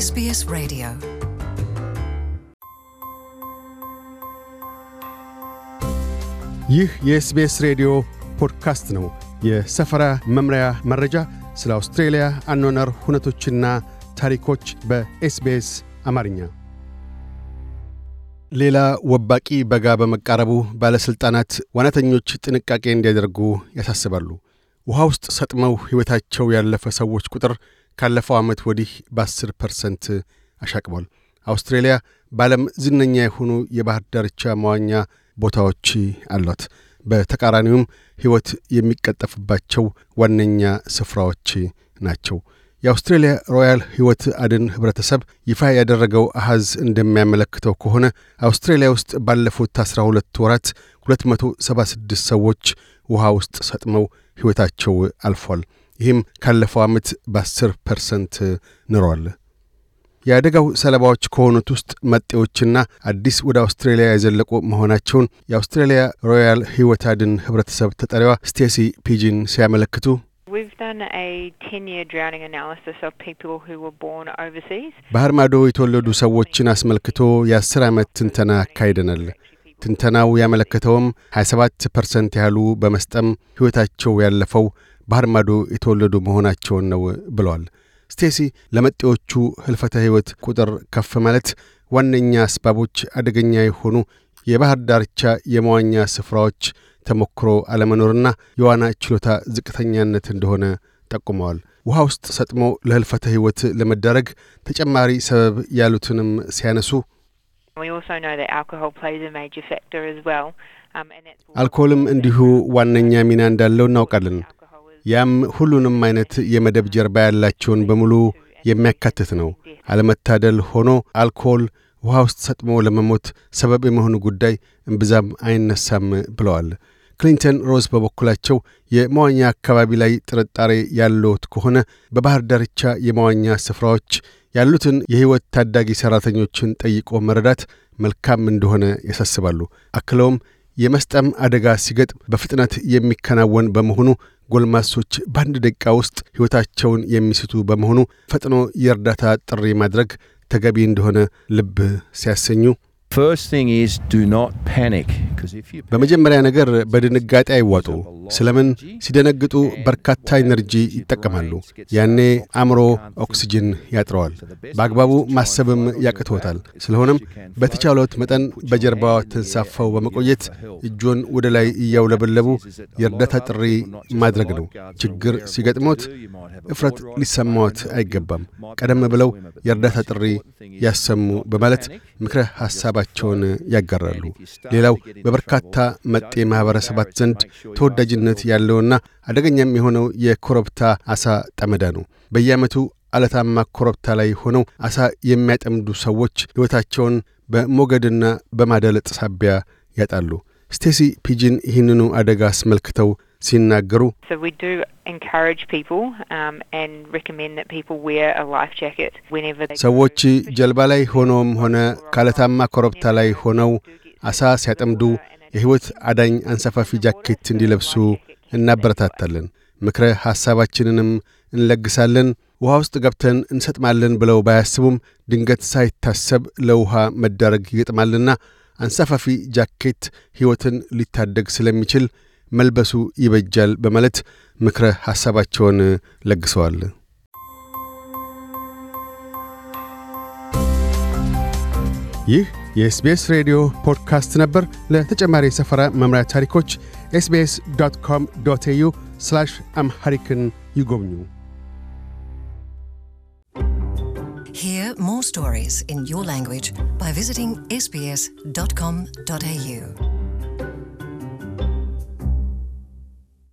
SBS Radio ይህ የኤስቢኤስ ሬዲዮ ፖድካስት ነው። የሰፈራ መምሪያ መረጃ፣ ስለ አውስትሬልያ አኗኗር ሁነቶችና ታሪኮች በኤስቢኤስ አማርኛ። ሌላ ወባቂ በጋ በመቃረቡ ባለሥልጣናት ዋናተኞች ጥንቃቄ እንዲያደርጉ ያሳስባሉ። ውሃ ውስጥ ሰጥመው ሕይወታቸው ያለፈ ሰዎች ቁጥር ካለፈው ዓመት ወዲህ በ10 ፐርሰንት አሻቅቧል። አውስትሬሊያ በዓለም ዝነኛ የሆኑ የባህር ዳርቻ መዋኛ ቦታዎች አሏት። በተቃራኒውም ሕይወት የሚቀጠፍባቸው ዋነኛ ስፍራዎች ናቸው። የአውስትሬልያ ሮያል ሕይወት አድን ኅብረተሰብ ይፋ ያደረገው አሐዝ እንደሚያመለክተው ከሆነ አውስትሬልያ ውስጥ ባለፉት 12 ወራት 276 ሰዎች ውሃ ውስጥ ሰጥመው ሕይወታቸው አልፏል። ይህም ካለፈው ዓመት በ10 ፐርሰንት ንሯል። የአደጋው ሰለባዎች ከሆኑት ውስጥ መጤዎችና አዲስ ወደ አውስትራሊያ የዘለቁ መሆናቸውን የአውስትራሊያ ሮያል ሕይወት አድን ህብረተሰብ ተጠሪዋ ስቴሲ ፒጂን ሲያመለክቱ ባህር ማዶ የተወለዱ ሰዎችን አስመልክቶ የአስር ዓመት ትንተና አካሂደናል። ትንተናው ያመለከተውም 27 ፐርሰንት ያህሉ በመስጠም ሕይወታቸው ያለፈው ባህር ማዶ የተወለዱ መሆናቸውን ነው ብለዋል። ስቴሲ ለመጤዎቹ ህልፈተ ሕይወት ቁጥር ከፍ ማለት ዋነኛ አስባቦች አደገኛ የሆኑ የባህር ዳርቻ የመዋኛ ስፍራዎች ተሞክሮ አለመኖርና የዋና ችሎታ ዝቅተኛነት እንደሆነ ጠቁመዋል። ውሃ ውስጥ ሰጥሞ ለህልፈተ ሕይወት ለመዳረግ ተጨማሪ ሰበብ ያሉትንም ሲያነሱ አልኮልም um, እንዲሁ ዋነኛ ሚና እንዳለው እናውቃለን። ያም ሁሉንም አይነት የመደብ ጀርባ ያላቸውን በሙሉ የሚያካትት ነው። አለመታደል ሆኖ አልኮል ውሃ ውስጥ ሰጥሞ ለመሞት ሰበብ የመሆኑ ጉዳይ እምብዛም አይነሳም ብለዋል። ክሊንተን ሮዝ በበኩላቸው የመዋኛ አካባቢ ላይ ጥርጣሬ ያለዎት ከሆነ በባህር ዳርቻ የመዋኛ ስፍራዎች ያሉትን የሕይወት ታዳጊ ሠራተኞችን ጠይቆ መረዳት መልካም እንደሆነ ያሳስባሉ። አክለውም የመስጠም አደጋ ሲገጥም በፍጥነት የሚከናወን በመሆኑ ጎልማሶች በአንድ ደቂቃ ውስጥ ሕይወታቸውን የሚስቱ በመሆኑ ፈጥኖ የእርዳታ ጥሪ ማድረግ ተገቢ እንደሆነ ልብ ሲያሰኙ በመጀመሪያ ነገር በድንጋጤ አይዋጡ። ስለምን ሲደነግጡ በርካታ ኤነርጂ ይጠቀማሉ። ያኔ አእምሮ ኦክስጅን ያጥረዋል፣ በአግባቡ ማሰብም ያቅትዎታል። ስለሆነም በተቻሎት መጠን በጀርባ ተንሳፈው በመቆየት እጆን ወደ ላይ እያውለበለቡ የእርዳታ ጥሪ ማድረግ ነው። ችግር ሲገጥሞት እፍረት ሊሰማዎት አይገባም። ቀደም ብለው የእርዳታ ጥሪ ያሰሙ በማለት ምክረ ሐሳባ ተስፋቸውን ያጋራሉ። ሌላው በበርካታ መጤ ማኅበረሰባት ዘንድ ተወዳጅነት ያለውና አደገኛም የሆነው የኮረብታ አሳ ጠመዳ ነው። በየዓመቱ አለታማ ኮረብታ ላይ ሆነው አሳ የሚያጠምዱ ሰዎች ሕይወታቸውን በሞገድና በማደለጥ ሳቢያ ያጣሉ። ስቴሲ ፒጂን ይህንኑ አደጋ አስመልክተው ሲናገሩ um, ሰዎች ጀልባ ላይ ሆኖም ሆነ ካለታማ ኮረብታ ላይ ሆነው አሳ ሲያጠምዱ የሕይወት አዳኝ አንሳፋፊ ጃኬት እንዲለብሱ እናበረታታለን። ምክረ ሐሳባችንንም እንለግሳለን። ውሃ ውስጥ ገብተን እንሰጥማለን ብለው ባያስቡም ድንገት ሳይታሰብ ለውሃ መዳረግ ይገጥማልና አንሳፋፊ ጃኬት ሕይወትን ሊታደግ ስለሚችል መልበሱ ይበጃል በማለት ምክረ ሐሳባቸውን ለግሰዋል። ይህ የኤስቤስ ሬዲዮ ፖድካስት ነበር። ለተጨማሪ የሰፈራ መምሪያ ታሪኮች ኤስቢኤስ ዶት ኮም ዶት ኤዩ አምሐሪክን ይጎብኙ። Hear more stories in your language by visiting sbs.com.au.